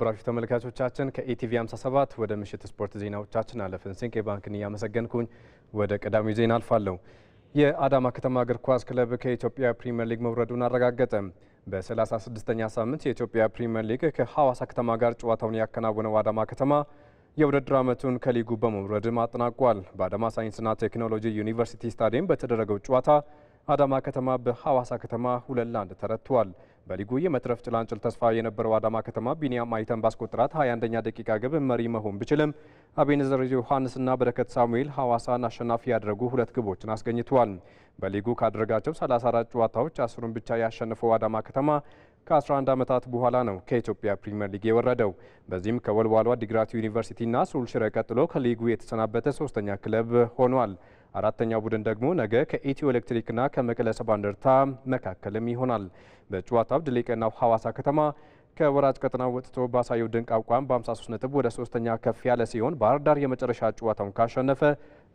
ብራሹ ተመልካቾቻችን ከኢቲቪ 57 ወደ ምሽት ስፖርት ዜናዎቻችን አለፍን። ስንቄ ባንክን እያመሰገንኩኝ ወደ ቀዳሚው ዜና አልፋለሁ። የአዳማ ከተማ እግር ኳስ ክለብ ከኢትዮጵያ ፕሪምየር ሊግ መውረዱን አረጋገጠ። በ36ኛ ሳምንት የኢትዮጵያ ፕሪምየር ሊግ ከሐዋሳ ከተማ ጋር ጨዋታውን ያከናወነው አዳማ ከተማ የውድድር ዓመቱን ከሊጉ በመውረድም አጠናቋል። በአዳማ ሳይንስና ቴክኖሎጂ ዩኒቨርሲቲ ስታዲየም በተደረገው ጨዋታ አዳማ ከተማ በሐዋሳ ከተማ ሁለት ለአንድ ተረቷል። በሊጉ የመትረፍ ጭላንጭል ተስፋ የነበረው አዳማ ከተማ ቢኒያም አይተን ባስቆጥራት 21ኛ ደቂቃ ግብ መሪ መሆን ቢችልም አቤኔዘር ዮሐንስና በረከት ሳሙኤል ሐዋሳን አሸናፊ ያደረጉ ሁለት ግቦችን አስገኝተዋል። በሊጉ ካደረጋቸው 34 ጨዋታዎች አስሩን ብቻ ያሸነፈው አዳማ ከተማ ከ11 ዓመታት በኋላ ነው ከኢትዮጵያ ፕሪምየር ሊግ የወረደው። በዚህም ከወልዋሏ ዲግራት ዩኒቨርሲቲና ሱልሽረ ቀጥሎ ከሊጉ የተሰናበተ ሶስተኛ ክለብ ሆኗል። አራተኛው ቡድን ደግሞ ነገ ከኢትዮ ኤሌክትሪክና ከመቀለ ሰባ እንደርታ መካከልም ይሆናል። በጨዋታው ድል የቀናው ሐዋሳ ከተማ ከወራጅ ቀጠና ወጥቶ ባሳየው ድንቅ አቋም በ53 ነጥብ ወደ ሶስተኛ ከፍ ያለ ሲሆን ባህር ዳር የመጨረሻ ጨዋታውን ካሸነፈ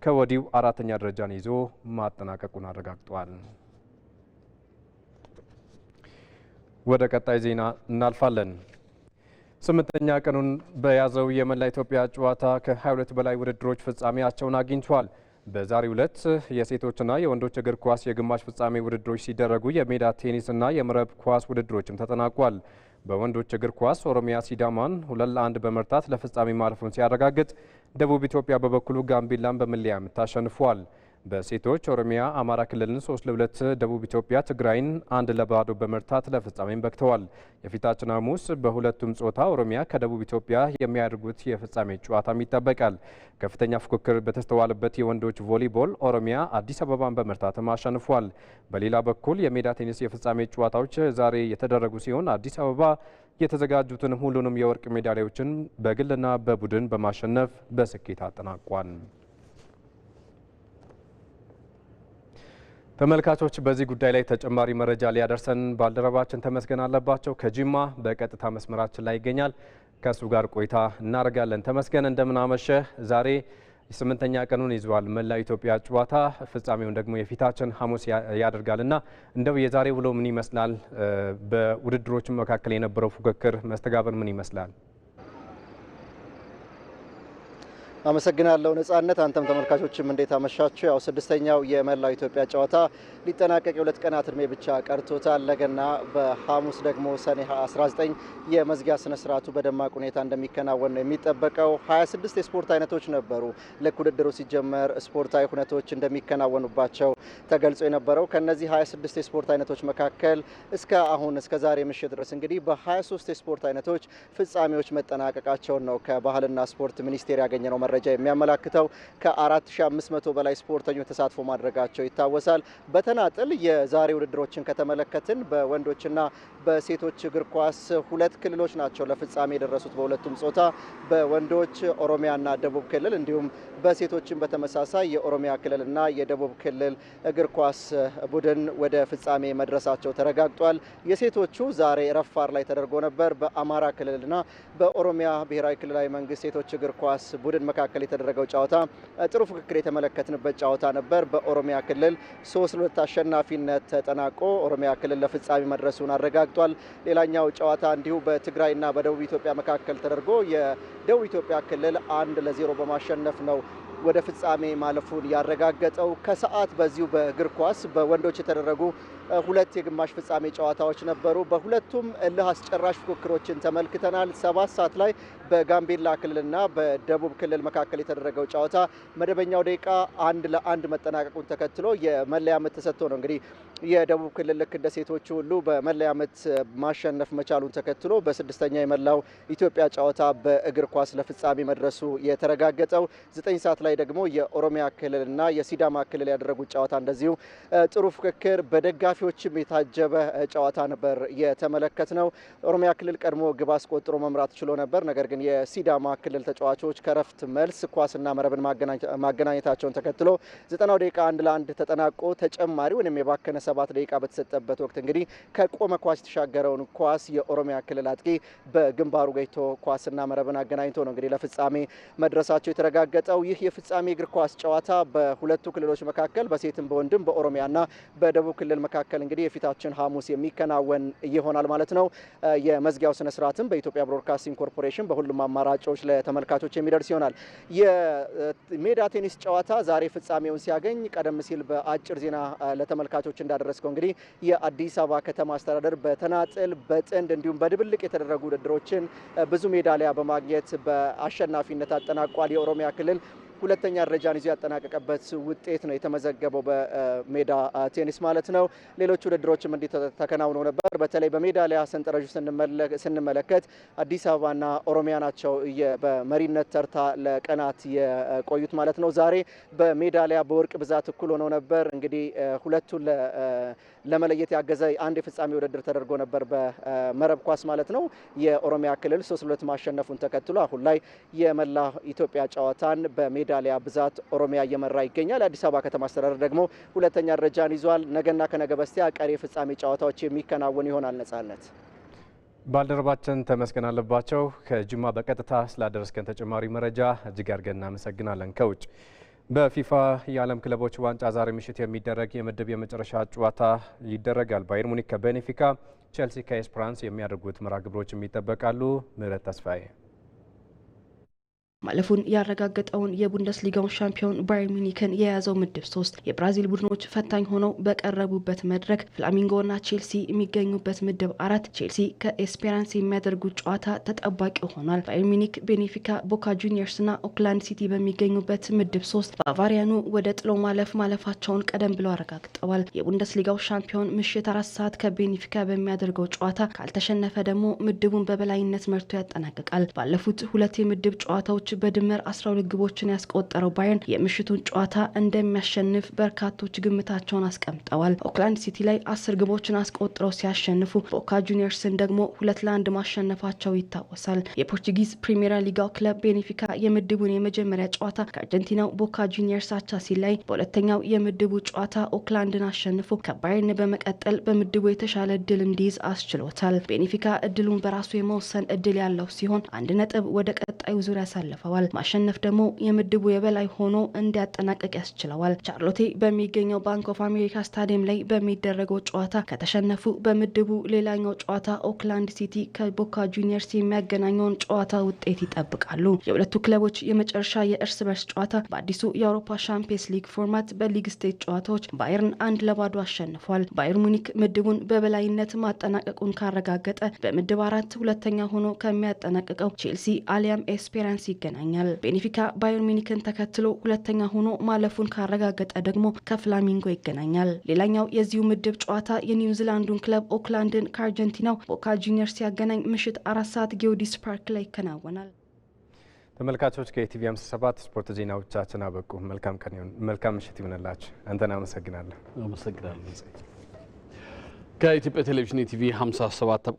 ከወዲሁ አራተኛ ደረጃን ይዞ ማጠናቀቁን አረጋግጧል። ወደ ቀጣይ ዜና እናልፋለን። ስምንተኛ ቀኑን በያዘው የመላ ኢትዮጵያ ጨዋታ ከ22 በላይ ውድድሮች ፍጻሜያቸውን አግኝተዋል። በዛሬው ዕለት የሴቶችና የወንዶች እግር ኳስ የግማሽ ፍጻሜ ውድድሮች ሲደረጉ የሜዳ ቴኒስና የመረብ ኳስ ውድድሮችም ተጠናቋል። በወንዶች እግር ኳስ ኦሮሚያ ሲዳማን ሁለት ለአንድ በመርታት ለፍጻሜ ማለፉን ሲያረጋግጥ፣ ደቡብ ኢትዮጵያ በበኩሉ ጋምቢላን በመለያ ምት አሸንፏል። በሴቶች ኦሮሚያ አማራ ክልልን ሶስት ለሁለት ደቡብ ኢትዮጵያ ትግራይን አንድ ለባዶ በመርታት ለፍጻሜም በክተዋል። የፊታችን ሐሙስ በሁለቱም ጾታ ኦሮሚያ ከደቡብ ኢትዮጵያ የሚያደርጉት የፍጻሜ ጨዋታም ይጠበቃል። ከፍተኛ ፉክክር በተስተዋለበት የወንዶች ቮሊቦል ኦሮሚያ አዲስ አበባን በመርታትም አሸንፏል። በሌላ በኩል የሜዳ ቴኒስ የፍጻሜ ጨዋታዎች ዛሬ የተደረጉ ሲሆን አዲስ አበባ የተዘጋጁትን ሁሉንም የወርቅ ሜዳሊያዎችን በግልና በቡድን በማሸነፍ በስኬት አጠናቋል። ተመልካቾች በዚህ ጉዳይ ላይ ተጨማሪ መረጃ ሊያደርሰን ባልደረባችን ተመስገን አለባቸው ከጂማ በቀጥታ መስመራችን ላይ ይገኛል። ከእሱ ጋር ቆይታ እናደርጋለን። ተመስገን እንደምን ዛሬ ስምንተኛ ቀኑን ይዟል መላው ኢትዮጵያ ጨዋታ፣ ፍጻሜውን ደግሞ የፊታችን ሐሙስ ያደርጋል እና እንደው የዛሬ ውሎ ምን ይመስላል? በውድድሮች መካከል የነበረው ፉክክር መስተጋብር ምን ይመስላል? አመሰግናለሁ ነጻነት። አንተም ተመልካቾችም እንዴት አመሻችሁ? ያው ስድስተኛው የመላው ኢትዮጵያ ጨዋታ ሊጠናቀቅ የሁለት ቀናት እድሜ ብቻ ቀርቶታል። ለገና በሐሙስ ደግሞ ሰኔ 19 የመዝጊያ ስነ ስርዓቱ በደማቅ ሁኔታ እንደሚከናወን ነው የሚጠበቀው። 26 የስፖርት አይነቶች ነበሩ። ልክ ውድድሩ ሲጀመር ስፖርታዊ ሁነቶች እንደሚከናወኑባቸው ተገልጾ የነበረው ከነዚህ 26 የስፖርት አይነቶች መካከል እስከ አሁን እስከ ዛሬ ምሽት ድረስ እንግዲህ በ23 የስፖርት አይነቶች ፍጻሜዎች መጠናቀቃቸውን ነው ከባህልና ስፖርት ሚኒስቴር ያገኘ ነው መረጃ መረጃ የሚያመላክተው ከ4500 በላይ ስፖርተኞች ተሳትፎ ማድረጋቸው ይታወሳል። በተናጥል የዛሬ ውድድሮችን ከተመለከትን በወንዶችና በሴቶች እግር ኳስ ሁለት ክልሎች ናቸው ለፍጻሜ የደረሱት በሁለቱም ጾታ በወንዶች ኦሮሚያና ደቡብ ክልል እንዲሁም በሴቶችን በተመሳሳይ የኦሮሚያ ክልልና የደቡብ ክልል እግር ኳስ ቡድን ወደ ፍጻሜ መድረሳቸው ተረጋግጧል። የሴቶቹ ዛሬ ረፋር ላይ ተደርጎ ነበር። በአማራ ክልልና በኦሮሚያ ብሔራዊ ክልላዊ መንግስት ሴቶች እግር ኳስ ቡድን መካከል የተደረገው ጨዋታ ጥሩ ፍክክር የተመለከትንበት ጨዋታ ነበር። በኦሮሚያ ክልል ሶስት ለሁለት አሸናፊነት ተጠናቆ ኦሮሚያ ክልል ለፍጻሜ መድረሱን አረጋግጧል። ሌላኛው ጨዋታ እንዲሁ በትግራይና በደቡብ ኢትዮጵያ መካከል ተደርጎ የደቡብ ኢትዮጵያ ክልል አንድ ለዜሮ በማሸነፍ ነው ወደ ፍጻሜ ማለፉን ያረጋገጠው። ከሰዓት በዚሁ በእግር ኳስ በወንዶች የተደረጉ ሁለት የግማሽ ፍጻሜ ጨዋታዎች ነበሩ። በሁለቱም እልህ አስጨራሽ ፉክክሮችን ተመልክተናል። ሰባት ሰዓት ላይ በጋምቤላ ክልልና በደቡብ ክልል መካከል የተደረገው ጨዋታ መደበኛው ደቂቃ አንድ ለአንድ መጠናቀቁን ተከትሎ የመለያ ምት ተሰጥቶ ነው እንግዲህ የደቡብ ክልል ልክ እንደ ሴቶቹ ሁሉ በመለያ ምት ማሸነፍ መቻሉን ተከትሎ በስድስተኛ የመላው ኢትዮጵያ ጨዋታ በእግር ኳስ ለፍጻሜ መድረሱ የተረጋገጠው። ዘጠኝ ሰዓት ላይ ደግሞ የኦሮሚያ ክልልና የሲዳማ ክልል ያደረጉት ጨዋታ እንደዚሁ ጥሩ ፉክክር በደጋፊ ደጋፊዎችም የታጀበ ጨዋታ ነበር የተመለከት ነው። ኦሮሚያ ክልል ቀድሞ ግብ አስቆጥሮ መምራት ችሎ ነበር። ነገር ግን የሲዳማ ክልል ተጫዋቾች ከረፍት መልስ ኳስና መረብን ማገናኘታቸውን ተከትሎ ዘጠናው ደቂቃ አንድ ለአንድ ተጠናቆ ተጨማሪ ወይም የባከነ ሰባት ደቂቃ በተሰጠበት ወቅት እንግዲህ ከቆመ ኳስ የተሻገረውን ኳስ የኦሮሚያ ክልል አጥቂ በግንባሩ ገይቶ ኳስና መረብን አገናኝቶ ነው እንግዲህ ለፍጻሜ መድረሳቸው የተረጋገጠው። ይህ የፍጻሜ እግር ኳስ ጨዋታ በሁለቱ ክልሎች መካከል በሴትም በወንድም በኦሮሚያና በደቡብ ክልል መካከል መካከል እንግዲህ የፊታችን ሐሙስ የሚከናወን ይሆናል ማለት ነው። የመዝጊያው ስነ ስርዓትም በኢትዮጵያ ብሮድካስቲንግ ኮርፖሬሽን በሁሉም አማራጮች ለተመልካቾች የሚደርስ ይሆናል። የሜዳ ቴኒስ ጨዋታ ዛሬ ፍጻሜውን ሲያገኝ ቀደም ሲል በአጭር ዜና ለተመልካቾች እንዳደረስከው እንግዲህ የአዲስ አበባ ከተማ አስተዳደር በተናጥል በጥንድ እንዲሁም በድብልቅ የተደረጉ ውድድሮችን ብዙ ሜዳሊያ በማግኘት በአሸናፊነት አጠናቋል። የኦሮሚያ ክልል ሁለተኛ ደረጃን ይዞ ያጠናቀቀበት ውጤት ነው የተመዘገበው በሜዳ ቴኒስ ማለት ነው። ሌሎች ውድድሮችም እንዲህ ተከናውነው ነበር። በተለይ በሜዳሊያ ሰንጠረዡ ስንመለከት አዲስ አበባና ኦሮሚያ ናቸው በመሪነት ተርታ ለቀናት የቆዩት ማለት ነው። ዛሬ በሜዳሊያ በወርቅ ብዛት እኩል ሆነው ነበር። እንግዲህ ሁለቱን ለመለየት ያገዘ አንድ የፍጻሜ ውድድር ተደርጎ ነበር በመረብ ኳስ ማለት ነው። የኦሮሚያ ክልል ሶስት ሁለት ማሸነፉን ተከትሎ አሁን ላይ የመላ ኢትዮጵያ ጨዋታን በሜ በሜዳሊያ ብዛት ኦሮሚያ እየመራ ይገኛል። የአዲስ አበባ ከተማ አስተዳደር ደግሞ ሁለተኛ ደረጃን ይዟል። ነገና ከነገ በስቲያ ቀሪ ፍጻሜ ጨዋታዎች የሚከናወኑ ይሆናል። ነጻነት ባልደረባችን ተመስገን አለባቸው ከጅማ በቀጥታ ስላደረስከን ተጨማሪ መረጃ እጅግ አድርገን እናመሰግናለን። ከውጭ በፊፋ የዓለም ክለቦች ዋንጫ ዛሬ ምሽት የሚደረግ የምድብ የመጨረሻ ጨዋታ ይደረጋል። ባየር ሙኒክ ከቤኔፊካ፣ ቼልሲ ከኤስፕራንስ የሚያደርጉት መርሃ ግብሮችም ይጠበቃሉ። ምህረት ተስፋዬ ማለፉን ያረጋገጠውን የቡንደስሊጋውን ሻምፒዮን ባየር ሚኒክን የያዘው ምድብ ሶስት የብራዚል ቡድኖች ፈታኝ ሆነው በቀረቡበት መድረክ ፍላሚንጎና ቼልሲ የሚገኙበት ምድብ አራት ቼልሲ ከኤስፔራንስ የሚያደርጉት ጨዋታ ተጠባቂ ሆኗል። ባየር ሚኒክ፣ ቤኔፊካ፣ ቦካ ጁኒየርስና ኦክላንድ ሲቲ በሚገኙበት ምድብ ሶስት ባቫሪያኑ ወደ ጥሎ ማለፍ ማለፋቸውን ቀደም ብለው አረጋግጠዋል። የቡንደስሊጋው ሻምፒዮን ምሽት አራት ሰዓት ከቤኔፊካ በሚያደርገው ጨዋታ ካልተሸነፈ ደግሞ ምድቡን በበላይነት መርቶ ያጠናቅቃል። ባለፉት ሁለት የምድብ ጨዋታዎች ግቦች በድምር 12 ግቦችን ያስቆጠረው ባየርን የምሽቱን ጨዋታ እንደሚያሸንፍ በርካቶች ግምታቸውን አስቀምጠዋል። ኦክላንድ ሲቲ ላይ አስር ግቦችን አስቆጥረው ሲያሸንፉ ቦካ ጁኒየርስን ደግሞ ሁለት ለአንድ ማሸነፋቸው ይታወሳል። የፖርቱጊዝ ፕሪሚየር ሊጋው ክለብ ቤኔፊካ የምድቡን የመጀመሪያ ጨዋታ ከአርጀንቲናው ቦካ ጁኒየርስ አቻ ሲለይ፣ በሁለተኛው የምድቡ ጨዋታ ኦክላንድን አሸንፎ ከባየርን በመቀጠል በምድቡ የተሻለ እድል እንዲይዝ አስችሎታል። ቤኔፊካ እድሉን በራሱ የመወሰን እድል ያለው ሲሆን አንድ ነጥብ ወደ ቀጣዩ ዙር ያሳልፋል። አሸንፈዋል። ማሸነፍ ደግሞ የምድቡ የበላይ ሆኖ እንዲያጠናቀቅ ያስችለዋል። ቻርሎቴ በሚገኘው ባንክ ኦፍ አሜሪካ ስታዲየም ላይ በሚደረገው ጨዋታ ከተሸነፉ በምድቡ ሌላኛው ጨዋታ ኦክላንድ ሲቲ ከቦካ ጁኒየርስ የሚያገናኘውን ጨዋታ ውጤት ይጠብቃሉ። የሁለቱ ክለቦች የመጨረሻ የእርስ በርስ ጨዋታ በአዲሱ የአውሮፓ ሻምፒየንስ ሊግ ፎርማት በሊግ ስቴት ጨዋታዎች ባየርን አንድ ለባዶ አሸንፏል። ባየር ሙኒክ ምድቡን በበላይነት ማጠናቀቁን ካረጋገጠ በምድብ አራት ሁለተኛ ሆኖ ከሚያጠናቅቀው ቼልሲ አሊያም ኤስፔራንስ ይገ ይገናኛል። ቤኔፊካ ባዮን ሚኒክን ተከትሎ ሁለተኛ ሆኖ ማለፉን ካረጋገጠ ደግሞ ከፍላሚንጎ ይገናኛል። ሌላኛው የዚሁ ምድብ ጨዋታ የኒውዚላንዱን ክለብ ኦክላንድን ከአርጀንቲናው ቦካ ጁኒየር ሲያገናኝ ምሽት አራት ሰዓት ጊዮዲስ ፓርክ ላይ ይከናወናል። ተመልካቾች ከኢቲቪ 57 ስፖርት ዜናዎቻችን አበቁ። መልካም ቀን ይሁን፣ መልካም ምሽት ይሆንላችሁ። አንተን አመሰግናለሁ። አመሰግናለሁ። ከኢትዮጵያ ቴሌቪዥን ኢቲቪ 57